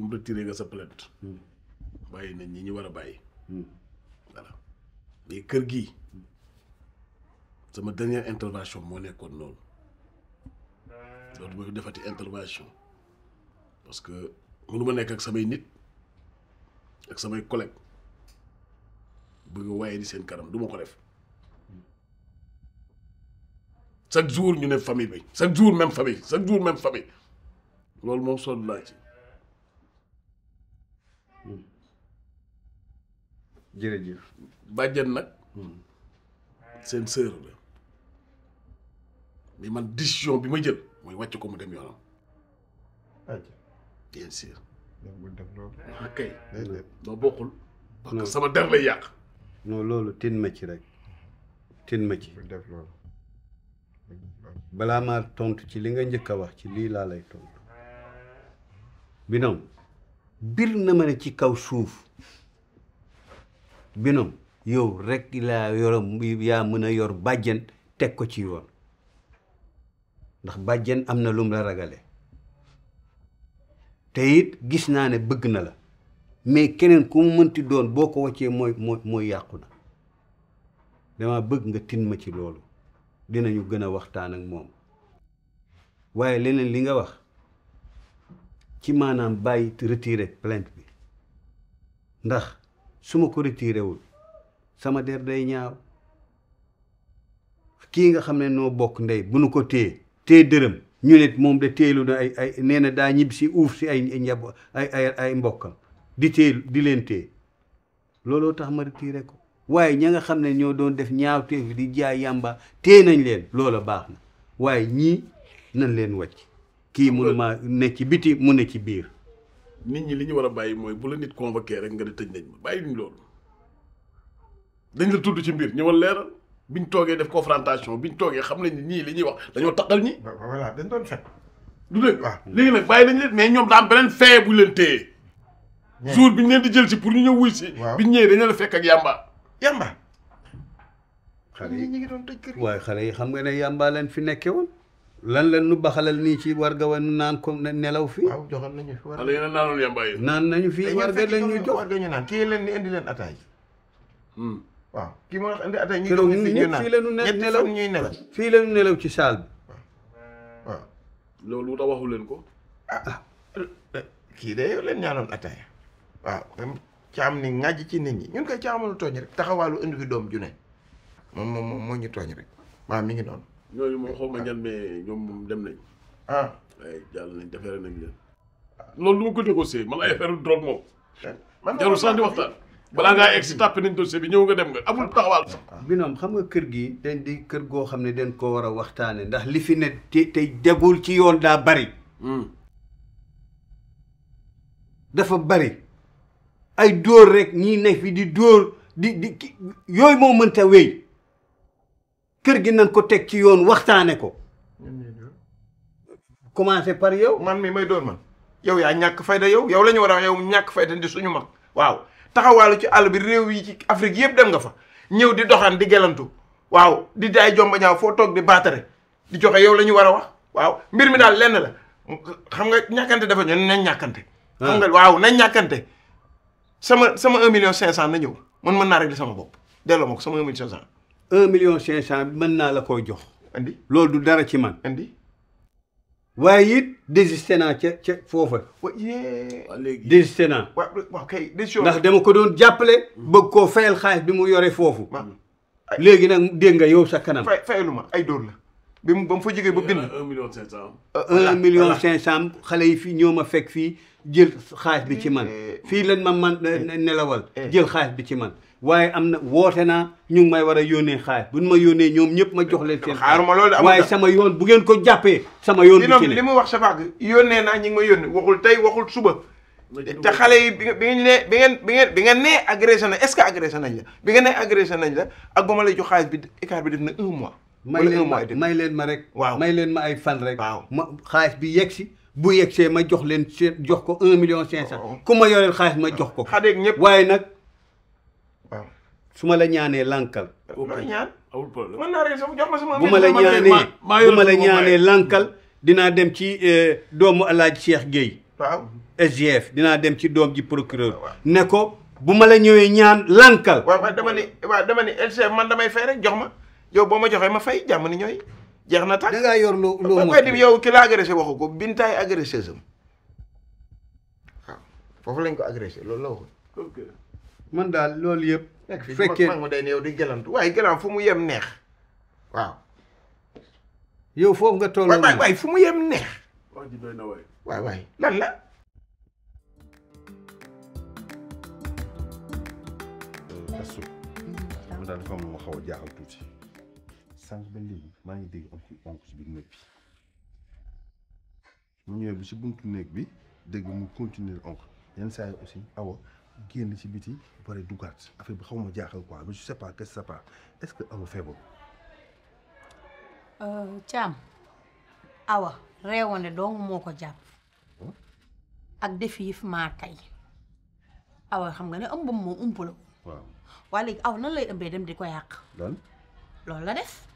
comme retiré nga sa plainte. Hmm. bàyyi nañ ñi ñu war a bàyyi. Hmm. voilà mais kër gi sama dernière intervention moo nekkoon noonu loolu mooy defati intervention parce que mënu ma nekk ak samay nit ak samay collègues waaye di seen kanam du ma ko def chaque jour ñu ne famille bi chaque jour même famille chaque jour même famille loolu moom sol naa ci. jërëjëf bàjjen nag hmm. seen sœur la mais man décision bi ma jël mooy wàcc ko mu dem yoonam bien sûr waa ah, bokkul parce que sama der lay yàq non loolu tin ma ci rek tin ma ci def balaa ma tontu ci li nga njëkk a wax ci lii laa lay tontu bi noom bir na ma ne ci kaw suuf binom yow rek laa yorom yaa mën a yor bàjjen teg ko ci yoon ndax bàjjen am na lum la ragale te it gis naa ne bëgg na la mais keneen ku mu mënti doon boo ko waccee mooy mooy yàqu na dama bëgg nga tin ma ci loolu dinañu gën a waxtaan ak moom waaye leneen li nga wax ci maanaam bàyyi retiré plainte bi ndax su ma ko retiré wul sama der day ñaaw kii nga xam ne noo bokk ndey bu nu ko téye téye dërëm ñu ne moom de téelu na ay ay nee daa ñib si uuf si ay njab ay ay mbokkam di téelu di leen téye looloo tax ma retiré ko waaye ña nga xam ne ñoo doon def ñaaw téef di jaay yàmba téye nañ leen loola baax na waaye ñii nañ leen wàcc kii mënuma ne ci biti mu ne ci biir nit ñi li ñu war a bàyyi mooy bu la nit convoqué rek nga di tëj nañ ma bàyyi ñu loolu dañ la tudd ci mbir ñëwal leeral ñu toogee def confrontation biñ toogee xam nañ ni ñii lañuy wax dañoo taqal ñi. voilà dañ doon fekk. du dëgg léegi nag bàyyi nañ leen mais ñoom daa beneen fee bu leen téye. jour biñ leen di jël si pour ñu ñëw wuy si. waaw biñ ñëwee dañ la fekk ak yàmba. yàmba. xale yi ñu ngi doon tëj kër waaye xale yi xam nga ne yàmba leen fi nekkee lan la nu baxalal nii ci warga wa naan ko nelaw fii. waaw joxoon nañu fi warga yéen a naanul yamba yi. naan nañu fii warga lañ ñu jox warga ñu naan kii leen ni indi leen ataay. Hmm. waaw kii moo tax indi ataay. ñu jox fii ñu naan ñetti fan ñuy nelaw fii la ñu nelaw ci saal bi. waaw loolu tax waxu leen ko. ah, ah eh, kii de yow leen ñaanoon ataay. waaw même caam ni ŋàjj ci nit ñi ñun koy caamalu tooñ rek taxawaalu indi fi doom ju ne. moom moom moo ñu tooñ rek waaw mi ngi noonu. ñooñu moom xaw ma ñan mais ñoom moom dem nañ. ah ay eh, jàll nañ defeere nañ leen. loolu du ma ko négocier man ay affaire drogue moom. Eh, jarul sax di waxtaan. balaa ngaa egg si tàppi nañ dossier bi ñëw nga dem nga amul taxawaal sax. Ah. binoom xam nga kër gi dañ di kër goo xam ne dañ koo war a waxtaane ndax li fi ne te tey degul ci yoon daa bari. Hmm. dafa bari ay dóor rek ñii ne fi di dóor di di yooyu moo mënta wéy. kër gi nañ ko teg ci yoon waxtaane ko. commencé par yow. man mi may door man yow yaa ñàkk fayda yow yow la ñu war a yow ñàkk fayda di suñu mag waaw taxawaalu ci àll bi réew yi ci Afrique yëpp dem nga fa ñëw di doxaan di gelantu waaw di daay jomba ñaaw foo toog di baatare di joxe yow la ñu war a wax waaw mbir mi daal lenn la xam nga ñàkkante dafa ñëw nañ ñàkkante. Ah. waaw nañ ñàkkante sama sama un million cinq cent na ñëw man mën naa régler sama bopp delloo ma ko sama un un million cinq cent bi mën naa la koy jox. andi loolu du dara ci man. andi waaye it désisté naa ca ca foofa. léegi désisté naa. waaw kay décision ndax dama ko doon jàppale. bëgg koo fayal xaalis bi mu yore foofu. léegi nag dégg nga yow sa kanam. fay fayaluma ay dóor la. bi mu ba mu fa jógee ba bind. un million cinq cent. Euh, million cinq cent xale yi fii ñoo ma fekk fii jël xaalis bi ci man. Eh, eh. fii lañ ma man eh. nelawal. jël xaalis bi ci man. waaye am na woote naa ñu ngi may war a yónnee xaalis buñ ma yónnee ñoom ñëpp ma jox leen seen xaaruma loolu waaye sama yoon bu ngeen ko jàppee sama yoon bi ci ne li mu wax sabag yónnee naa ñu ngi ma yónnee waxul tey waxul suba te xale yi bi ngeen ne bi ngeen bi ngeen bi ngeen nee agressé na est-ce que agressé nañ la bi ngeen nee agressé nañ la ak ba ma lay jox xaalis bi écart bi def na un mois may leen ma may ma rek waaw may leen ma ay fan rek ma xaalis bi yegg si bu yeggsee ma jox leen jox ko un million cinq cent oh. ku ma yoreel xaalis ma jox ko xadeeg ñëpp waaye nag su ma la ñaanee lankal ñaan awul problème mën naa rey jox ma sama. bu ma la ñaanee bu ma la ñaanee lànkal dinaa dem ci euh, doomu allaaj Hadj Cheikh Guèye. waaw SGF dinaa dem ci doom ji procureur. ne ko bu ma la ñëwee ñaan lànkal. waaw waaw dama ni waaw dama ni LCF man damay fay rek jox ma yow boo ma joxee ma fay jàmm ni ñooy. jeex na tànk da yor loo loo mot di yow ki la waxu ko bintaay agressé sam waaw foofu lañ ko agressé loolu la waxu. man daal loolu yëpp. nekk fii fekkee ma day ne yow di gëlantu waaye gëlan fu mu yem neex waaw. yow foofu nga toll. waay waay fu mu yem neex. wax ji doy lan la. asu man daal dafa am lu xaw a jaaxal tuuti sànq ba léegi maa ngi dégg am onk ci biir néeg bi mu ñëwee bi ci buntu néeg bi dégg mu continuer onk yenn saa yi aussi awa génn ci biti ba pare duggaat affaire bi xaw ma jaaxal quoi mais je sais pas qu'est-ce que ça passe est-ce que euh, awa feebar. moo ko jàpp oh? ak defi yëf xam nga ne ëmbam moom umpu la. waaw waaye léegi aw dem di ko yàq. lan la def.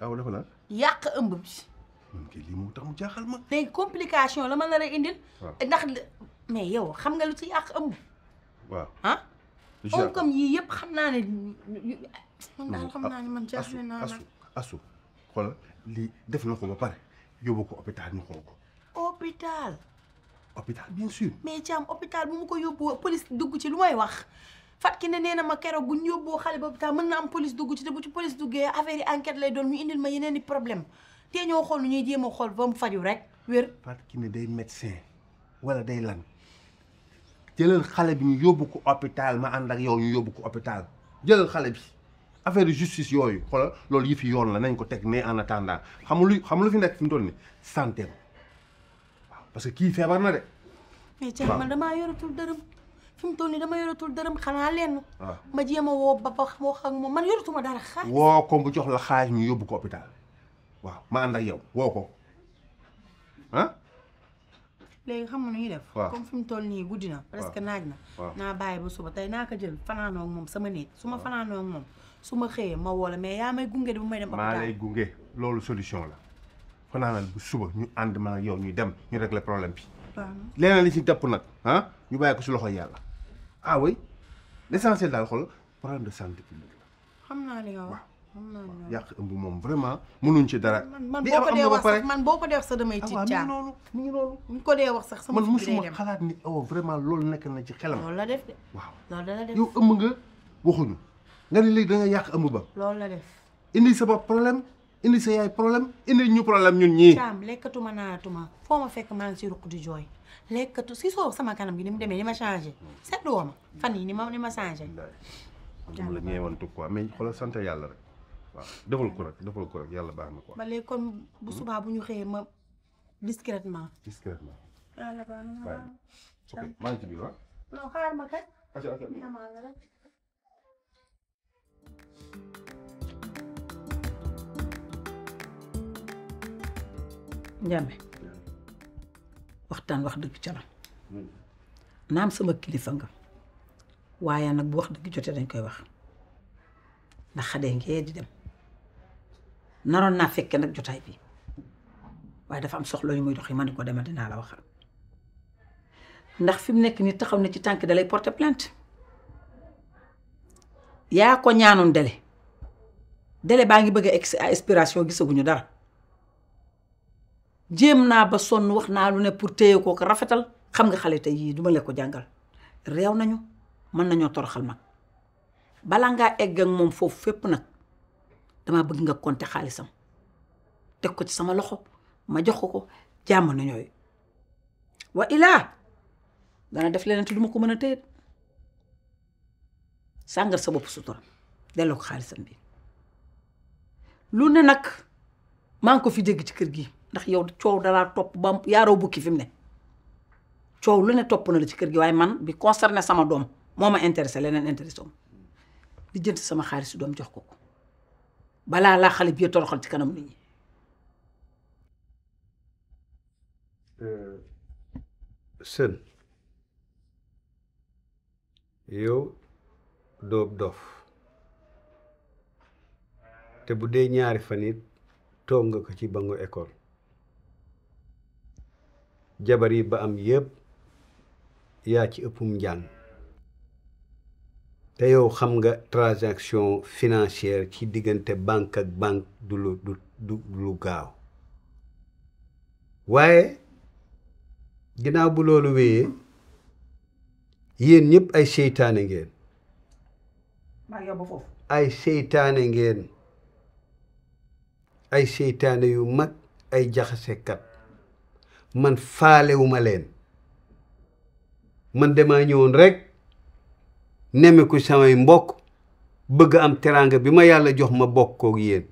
aw dafa la. yàq ëmb man kay lii moo tax mu jaaxal ma. léegi complication la ma nar indil. ndax mais xam nga lu ci yàq ëmb. waaw ah. comme yii yëpp xam naa ne man daal xam naa ne man jaaxle naa asu asu xoolal lii def na ko ba pare yóbbu ko hôpital ñu xool ko. hôpital. hôpital bien sûr. mais jaam hôpital bu mu ko yóbbu police dugg ci lu may wax ki ne nee na ma keroog bu ñu yóbboo xale ba hôpital mën na am police dugg ci te bu ci police duggee affaire yi enquête lay doon ñu indil ma yeneen i problème te ñoo xool nu ñuy jéem a xool ba mu faju rek wér. Fatou ne day médecin wala day lan. jëlal xale bi ñu yóbbu ko hôpital ma ànd yow ñu yóbbu ko hôpital jëlal xale bi affaire justice yooyu xoolal loolu yi fi yoon la nañ ko teg mais en attendant xamul lu xamul lu fi nekk fi mu toll nii parce que kii feebar na de. mais Thierno man damaa yoratul dërëm fi mu toll nii dama yoratul dërëm xanaa leen waaw ma jéem a woo ba ba wax ak moom man yoratuma dara xaalis. woo ko bu jox la xaalis ñu yóbbu ko hôpital waaw ma ànd yow woo ko léegi xam nga nu ñuy def. comme fi mu toll nii guddi na. presque naaj na. naa bàyyi ba suba tey naa ko jël fanaanoo ak moom sama néeg. su ma fanaanoo ak moom su ma xëyee ma woo la mais yaa may gunge di bu may dem. maa lay gunge loolu solution la. fanaanal bu suba ñu ànd man ak yow ñu dem ñu régler problème bi. waaw li ci topp nag ah ñu bàyyi ko si loxo yàlla. ah oui l' essentiel daal xool problème de santé publique la. xam naa nga wax. Oh yàq ëmb moom vraiment mënuñ ci dara. man boo ko dee wax sax man boo ko dee wax sax damay tiit ah caa mi ngi noonu mi ngi wax sax sama man musuma xalaat ni awa oh, vraiment loolu nekk na ci xelam. loolu la def de waaw loolu la def yow ëmb nga waxuñu nga ni léegi da nga yàq ëmb ba. loolu la def indi sa bopp problème indi sa yaay problème indi ñu problème ñun ñii. caam lekkatuma naanatuma foo ma fekk maa si ruq di jooy lekkatu si soo sama kanam gi ni mu demee ni ma changé seetlu woo ma fan yi ma ni ma changé. dama la ñeewantu quoi mais xoolal sant yàlla rek waaw defal ko nag defal ko nag yàlla kon bu hmm? subaa bu ñu xëyee ma discrètement. discrètement. yàlla ma kat. acca acca damaa la rek. waxtaan wax dëgg ca la hmm. naam sama kilifa waaye nag bu wax dëgg jotee dañ koy wax ndax xadee ngee di dem naroon naa fekke nag jotaay bi waaye dafa am soxla yu muy dox yi ma ne ko demal dinaa la waxal ndax fi mu nekk nii taxaw na ci tànk dalay porter plante yaa ko ñaanoon dele délai baa ngi bëgg a expiration gisaguñu dara jéem naa ba sonn wax naa lu ne pour téye ko ko rafetal xam nga xale tey yii duma leen ko jàngal réew nañu mën nañoo toroxal mag balaa ngaa egg moom foofu fépp nag damaa bëgg nga compter xaalisam teg ko ci sama loxo ma jox ko ko jàmm na ñooy wa ilaa dana def leena te du ma ko mën a téye sàngal sa bopp sutura delloo ko xaalisam bi lu ne nag maa ngi ko fi dégg ci kër gi ndax yow coow dalaa topp ba yaaroo bukki fi ne coow lu ne topp na la ci kër gi waaye man bi concerné sama doom moo ma intéressé leneen intéressé li jënt sama xaalis doom jox ko ko balaa laa xale bi toroxal ci kanam nit ñi. Euh, sën yow doob dof te bu dee ñaari fanit toog nga ko ci bangu école jabar yi ba am yépp yaa ci ëppum njàng te yow xam nga transaction financière ci diggante banque ak banque du lu gaaw waaye ginnaaw bu loolu wéyee yéen ñëpp ay seytaane ngeen ay seytaane ngeen ay seytaane yu mag ay jaxasekat man faalewuma leen man demaa ñëwoon rek nemmeeku samay mbokk bëgg am teraanga bi ma yàlla jox ma bokkook yéen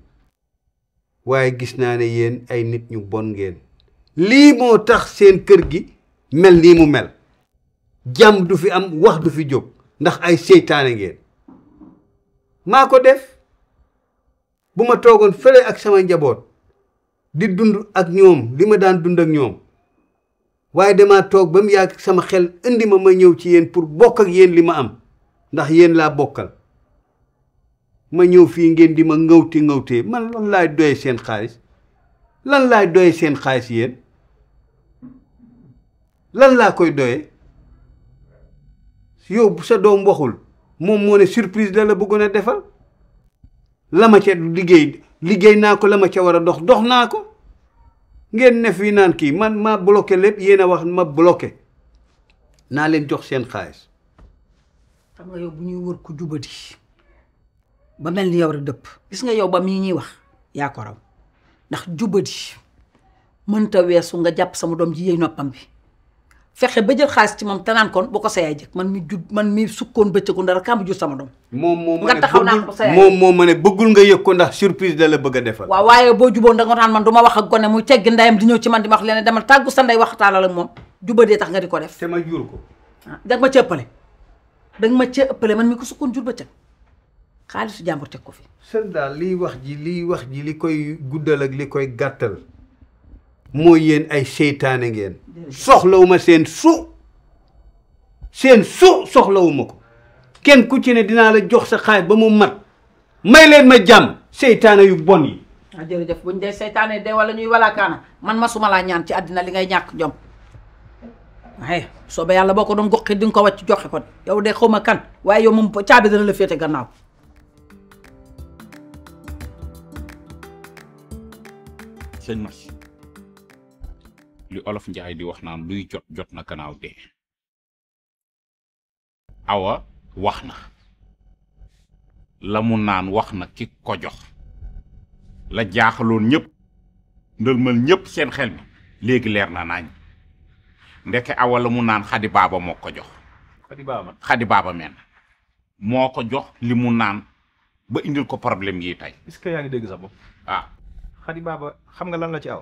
waaye gis naa ne yéen ay nit ñu bon ngeen lii moo tax seen kër gi mel nii mu mel jàmm du fi am wax du fi jóg ndax ay seytaane ngeen maa ko def bu ma toogoon fële ak sama njaboot di dund ak ñoom li ma daan dund ak ñoom waaye damaa toog ba mu yàgg sama xel indi ma ma ñëw ci yéen pour bokk ak yéen li ma am ndax yéen laa bokkal ma ñëw fii ngeen di ma ngawti ngawtee man lan laay doye seen xaalis lan laay doye seen xaalis yéen lan laa koy doye yow bu sa doom waxul moom moo ne surprise la la bëggoon a defal la ma ca liggéey liggéey naa ko la ma ca war a dox dox naa ko ngeen ne fii naan kii man ma bloqué lépp yéen a wax ma bloqué naa leen jox seen xaalis xam nga yow bu ñuy wër ku jubati ba mel ni yow rek dëpp gis nga yow ba mii ñuy wax yaa ko raw ndax jubati mënta weesu nga jàpp sama doom ji yëy noppam bi fexe ba jël xaalis ci moom te naan kon ko sa man mi jub man mi sukkoon bëccëgu dara kàmb jur sama doom moom moo ma nga taxaw naan ko sa moom moo ma bëggul nga yëg ko ndax surprise da la bëgg a defal waaw waaye boo juboon da nga naan man du ma wax ak gone muy tegg ndayam di ñëw ci man di ma wax leneen demal tàggu sa nday waxtaanal ak moom jubadee tax nga di ko def te ma jur ko ah, da nga ma cëppale danga ma cee ëppale man mi ko sukkoon jur ba cëg xaalisu jàmbur teg ko fi. seen daal liy wax ji liy wax ji li koy guddal ak li koy gàttal moo yéen ay seytaane ngeen. soxlawuma seen su seen su soxlawuma ko kenn ku ci ne dinaa la jox sa xaay ba mu mat may leen ma jàmm seytaane yu bon yi. ah jërëjëf buñ dee seytaanee de wala ñuy walaakaana man ma suma laa ñaan ci àddina li ngay ñàkk jom. waaye soobee yàlla boo ko doon goxee di nga ko wàcc joxe ko yow de xaw ma kan waaye yow moom caabi da la féete gannaaw. sëñ Mass li olof Njaay di wax naan luy jot jot na gannaaw de awa wax na la mu naan wax na ki ko jox la jaaxaloon ñëpp ndëlmal ñépp seen xel mi léegi leer na naañ. ndeke awa la mu naan xadi baaba moo ko jox. xadi baaba xadi baaba men moo ko jox li mu naan ba indil ko problème yi tey. est yaa ngi dégg sa bopp. ah xadi baaba xam nga lan la ci aw.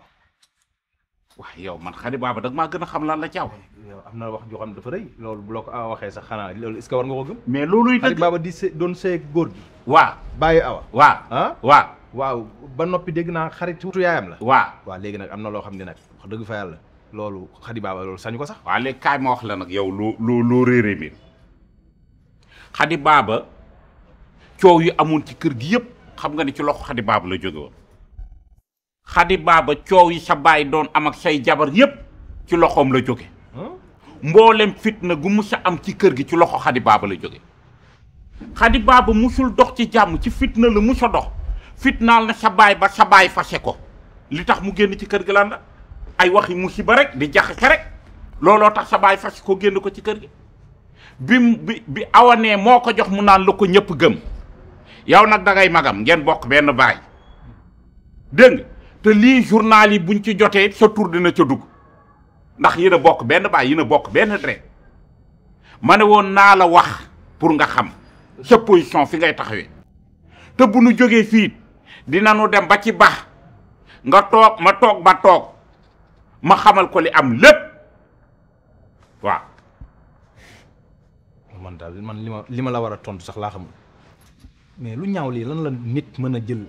waaw yow man xadi baaba dag maa gën a xam lan la ci aw. yow am na wax joo dafa rëy loolu bu la ko awa waxee sax xanaa loolu est war nga ko gëm. mais looluy dëgg baaba di se doon seeg góor gi. waaw bàyyi awa. waa ah waaw. ba noppi dégg naa xaritu yaayam la. waa waaw léegi nag am na loo xam ne nag wax dëgg fa loolu Khady Baba loolu sañu ko sax. waaw léegi kaay la nag yow loo loo loo réeré mbir Khady Baba coow yi amoon ci kër gi yëpp xam nga ni ci loxo Khady Baba la jóge woon Khady Baba coow yi sa baay doon am ak say jabar yëpp ci loxoom la jóge hmm? mboolem fitna gu mus a ci kër gi ci loxo Khady Baba la jóge Khady Baba musul dox ci jàmm ci fitna la musa dox fitnaal na sa baay ba sa baay fase ko li tax mu génn ci kër gi lan la ay waxi musiba rek di jaxase rek looloo tax sa baay fas ko génn ko ci kër gi bi bi bi awanee moo ko jox mu naan la ko ñëpp gëm yow nag da magam ngeen bokk benn baay dégg nga te lii journal yi buñ ci jotee sa tur dina ca dugg ndax yi a bokk benn baay yi a bokk benn dret ma ne woon naa la wax pour nga xam sa position fi ngay taxawee te bu nu jógee fii dina nu dem ba ci baax nga toog ma toog ba toog ma xamal ko li am lépp waaw. man daal man li ma li ma la war a tontu sax laa xamul mais lu ñaaw lii lan la nit mën a jël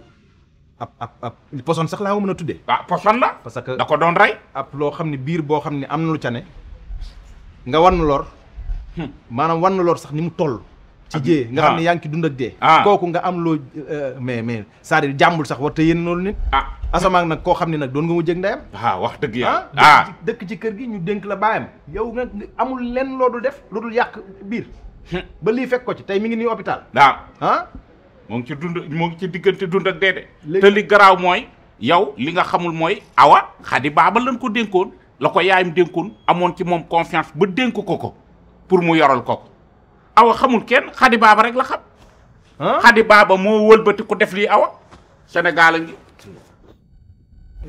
ab ab ab poson sax laa ko mën a tuddee. ah poson la. parce que da ko doon rey. ab loo xam ne biir boo xam ne am na lu ca ne nga war na lor. Hmm. maanaam war na lor sax ni mu toll. ci jee ah. nga xam ne yaa ngi ci dund ak dee ah. kooku nga am loo euh, mais mais cest à jàmbul sax war te yéen noonu nit ah asamaan nag koo xam ne nag doon nga mu jëg ndeyam waaw ah, wax dëgg ya ah dëkk ci kër gi ñu dénk la baayam yow nga amul lenn loo dul def lu dul yàq biir hmm. ba lii fekk ko ci tey mi ngi nii hôpital ah moo ngi ci dund moo ngi ci diggante dund ak dee de te li garaaw mooy yow li nga xamul mooy awa xadi baaba leen ko dénkoon la ko yaayam dénkoon amoon ci moom confiance ba dénk ko ko pour mu yoral ko awa xamul kenn xadi baaba rek la xam xadi baaba moo wëlbati ku def lii awa Sénégal a ngi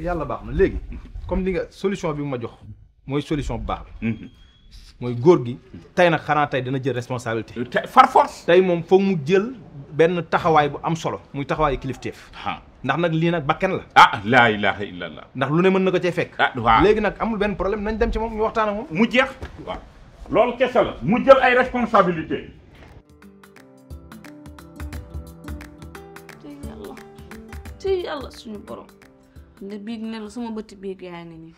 yàlla baax na léegi comme li nga solution bi ma jox mooy solution bu baax mhm. mooy góor gi tey nag xanaa tey dina jël responsabilité far force tey moom foog mu jël benn taxawaay bu am solo muy taxawaayu kilifteef ndax nag lii nag bakken la ah laa ilaha illallah ndax lu ne mën na ko cee fekk ah, léegi nag amul benn problème nañ dem ci moom ñu waxtaan moom mu jeex loolu kese mu jël ay responsabilité ci yàlla ci yàlla suñu borom ne biig ne la sama bëti biig yaay ne nii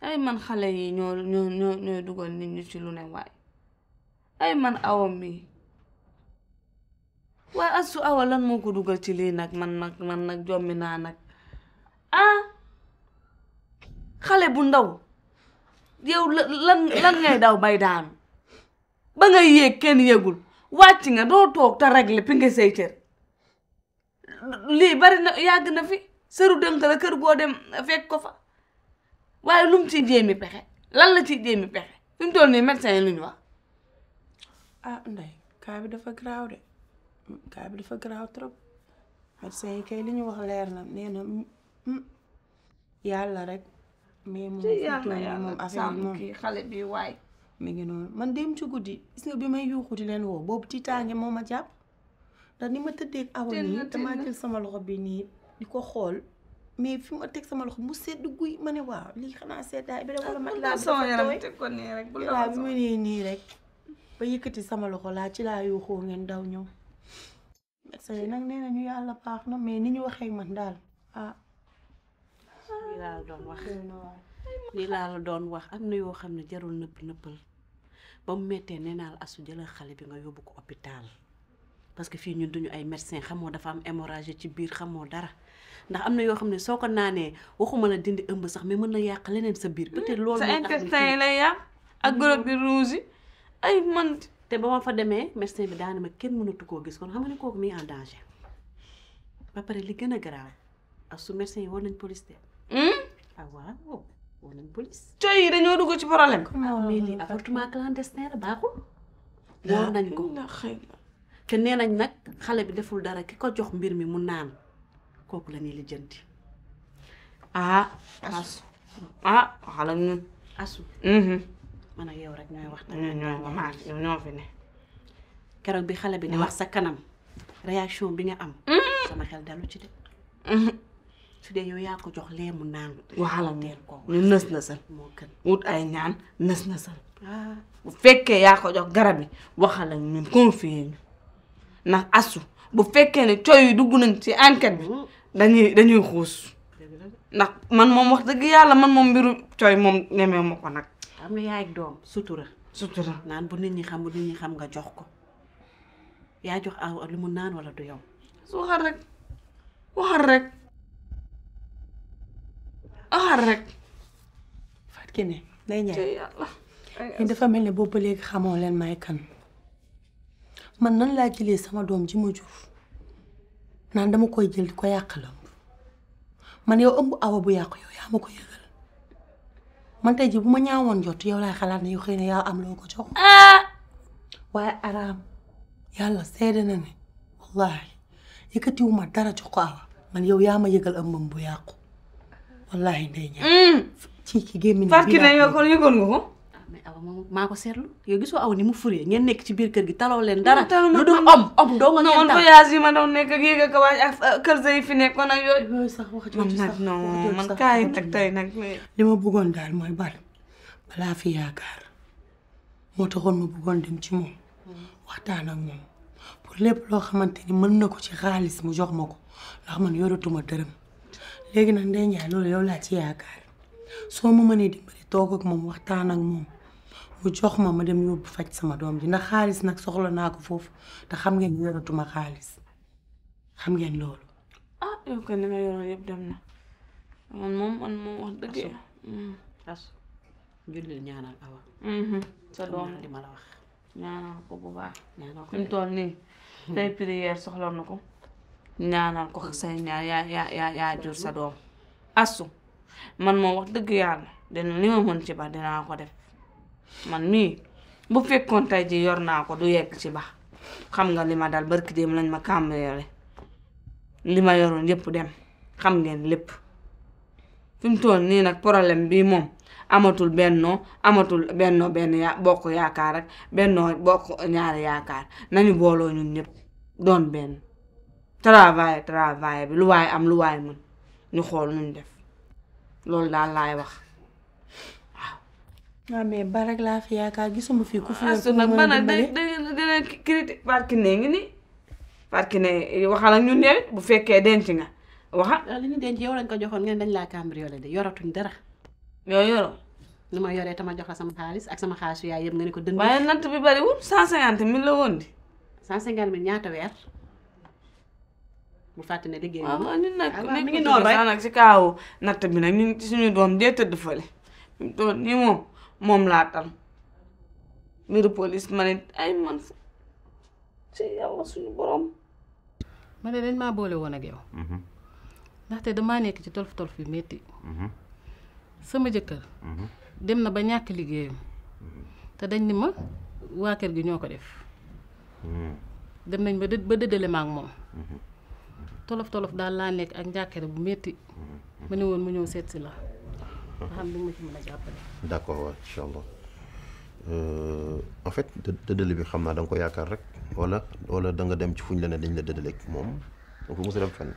ay man xale yi ñoo dugal nit ñi ci lu ne waay ay man awam mi waaye asu awa lan moo ko dugal ci lii nag man nag man nag jommi naa nag ah xale bu ndaw yow lan lan ngay daw bay daanu ba nga yéeg kenn yëgul wàcc nga doo toog tara réglé pi nga say cër lii bari na yàgg na fi sëru dënk la kër goo dem fekk ko fa waaye lu mu ciy jéemi pexe lan la ciy jéemi pexe fi mu toll nii médecin lu ñu wax ah nday dafa garaaw de kaa bi dafa wax leer na nee na mm, mm. rek mais moom moom affaire kii xale bi waay mi ngi noonu man dem ci guddi gis nga bi may yuuxu di leen woo boobu tiitaange moo a jàpp ndax ni ma tëddee ak awa nii damaa jël sama loxo bi nii di ko xool mais fi ma sama loxo mu sedd guy ma ne waaw lii xanaa seddaay bi rek wala mat laa ko nii rek bu la bi ma nee nii rek ba yëkkati sama loxo laa ci laa yuuxoo ngeen daw ñëw merci nag nee nañu yàlla baax na mais ni ñu waxee man daal ah, lii laa la doon wax lii laa la doon wax am na yoo xam ne jarul nëpp nëppal ba mu méttee nee naa la asu jëlal xale bi nga yóbbu ko hôpital parce que fii ñun duñu ay médecin xamoo dafa am hémorragie ci biir xamoo dara ndax am na yoo xam ne soo ko naanee waxuma la dindi ëmb sax mais mën na yàq leneen sa biir peut-être loolu sa intestin yi lay yàq ak mm-hmm. gërëb bi rouge yi ay man te ba ma fa demee médecin bi daana ma kenn mënatu koo gis kon xam nga ne kooku mi en ba pare li gën a garaaw ak su médecin yi war nañ Hmm? ah waaw woo nañ police. dañoo dugg ci problème. ah mais lii avortement ko te nee nag xale bi deful dara ki ko jox mbir mi mu naan kooku la ñuy lijjanti. ah asu ah waxal ak ñun. asu. Mm-hmm. man ak yow rek ñooy wax ñoo ah, ñoo fi ne. keroog bi xale bi di ah. wax sa kanam réaction bi nga am. Mm-hmm. sama xel dalu ci de. Mm-hmm. su dee yow yaa ko jox lee mu naan. waxal ak moom ñu nës nësal. moo gën wut ay ñaan nës nësal. Ah. bu fekkee yaa ko jox garab yi waxal ak ñun confier ñu ndax asu bu fekkee ne cooy yi dugg nañ ci enquête bi mm-hmm. dañuy dañuy xuus ndax man moom wax dëgg yàlla man moom mbiru cooy moom ñemee ma ko nag. am na yaay ak doom sutura. sutura naan bu nit ñi xam bu nit xam nga jox ko yaa jox aw lu mu naan wala du yow. su waxal rek. waxal rek Fatou Kiné Ndeye Ndiaye dafa mel ne boobu ba léegi xamoo leen may kan man nan laa jëlee sama doom ji ma jur naan dama koy jël di ko yàqalam man yow ëmb awa bu yàqu yow yaa ko yëgal man tey ji bu ma ñaawoon jot yow laay xalaat ne yow xëy na am loo ko jox ah! waaye araam yàlla seede na ne wallaahi yëkkatiwuma dara jox ko awa man yow yaa ma yëgal ëmbam bu yàqu wallaahi ndey ñaan. Mm. ci ci gémmiñ bi na yoo ko yëgoon nga ko. Ah, maa ko seetlu yow gisoo aw ni mu furee ngeen nekk ci biir kër gi taloo leen dara. lu dul om om doo nga ma doon nekk ak yéeg ak waaj ak euh, kër sa yi fi nekkoon ak yooyu. sax wax jooju sax non li ma bëggoon daal mooy bal balaa fi yaakaar moo taxoon ma bëggoon dem ci moom waxtaan ak moom pour lépp loo xamante ni mën na ko ci xaalis mu jox ma ko ndax man yoratuma dërëm. léegi nag Ndeye Ndiaye loolu yow laa ci yaakaar soo ma mënee dimbali toog ak moom waxtaan ak moom mu jox ma ma dem yóbbu faj sama doom ji ndax xaalis nag soxla naa ko foofu te xam ngeen yoratuma xaalis xam ngeen loolu. ah yow kay li nga yoroon dem na man moom man moom wax di mm. mm-hmm. ma la wax. ñaanal ko bu baax. soxla na ko. ñaanal ko say ñaar yaa yaa yaa jur sa doom asu man moom wax dëgg yàlla dina li ma mën ci ba dinaa ko def man mii bu fekkoon tey jii yor naa ko du yegg ci ba xam nga li ma dal barki dem lañ ma kàmbalee li ma yoroon yépp dem xam ngeen lépp fi mu toll nii nag problème bi moom amatul bennoo amatul bennoo benn bokk yaakaar ak bennoo bokk ñaari yaakaar nañu booloo ñun ñëpp doon benn travail travail bi lu waay am lu waay mën ñu xool nuñ def loolu daal laay wax waaw. waaw ah, mais ba laa fi yaakaar gisuma fii ku fi. Ah, nag ba nag day dina critique parki ne parki ne waxal ak ñun yow bu fekkee denc nga waxa. li ñu denc yow ko joxoon ngeen dañ laa cambriolé de yoratuñ dara. yow yoroo. nu ma yoree tama jox la sama xaalis ak sama xaalisu yaay yëpp nga ne ko dënd. waaye natt bi bari cent cinquante mille la woon di. cent cinquante mille ñaata weer. bu fàtte ne liggéey waaw waaw ñun nag ah, mi ngi noonu bi nag ñun suñu doom doon nii moom moom laa tal mbiru police ma ay man si yàlla suñu borom ma dañ maa boole woon ak yow mhm. ndaxte damaa nekk ci tolf tolf yu metti mhm. sama jëkkër mhm. dem na ba ñàkk liggéeyam te dañ ni ma waa kër gi ñoo ko def dem nañ ba dë- dëddale ma ak moom tolof tolof daal laa nekk ak njàkkare bu metti mhm. ma ne woon mu ñëw seet si la nga xam li ma ci mën a jàppale. d' accord waaw allah euh, en fait dëddale bi xam naa da nga ko yaakaar rek wala wala da dem ci fu la ne dañ la dëddaleeg moom da nga ko mos a dem fenn.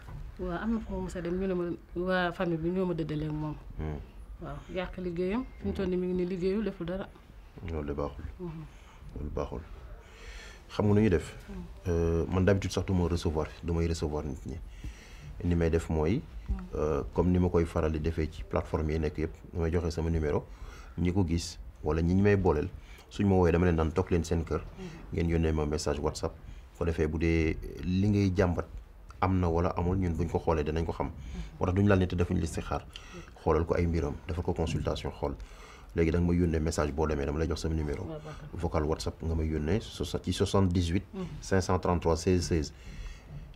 waaw am na fu ma mos a dem ñu ne ma waa famille bi ñoo ma dëddaleeg moom. Hmm. waaw yàq liggéeyam fi mu mi ngi nii liggéeyu deful dara. Hmm, loolu de baaxul. Mhm. loolu baaxul. xam nga nu ñuy def euh, man d'habitude sax du ma recevoir du may recevoir nit ñi ni may def mooy euh, comme ni ma koy faral di defee ci plateforme yi nekk yëpp damay joxe sama numéro ñi ko gis wala ñi ñu may booleel suñ ma woowee dama leen daan toog leen seen kër ngeen yónnee ma message WhatsApp ko defee bu dee li ngay jàmbat am na wala amul ñun buñ ko xoolee danañ ko xam moo tax duñ laal nit te defuñ xaar xoolal ko ay mbiram dafa ko consultation xool léegi danga may yónnee message boo demee dama lay jox sama numéro vocal whatsapp nga may yónnee ci 78 533 16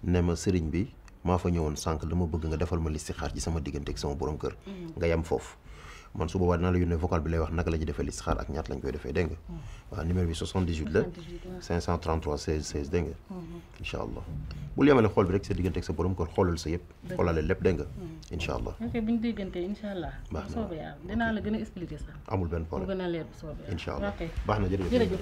16 ne ma sëriñ bi maa fa ñëwoon sànq dama bëgg nga defal ma listixaar ci sama diggante ak sama borom kër mhm. nga yem foofu man su dinaa la yónnee vocal bi lay wax naka la ñuy defee listixaar ak ñaata lañ koy defee dégg nga. Mm-hmm. waaw bi la 533 16 16 dégg nga. Mm-hmm. bul yemale xool bi rek sa diggante sa borom kër xoolal sa yëpp. xoolaale lépp dégg nga. Mm-hmm. incha baax na soobee yàlla dinaa a expliquer a leer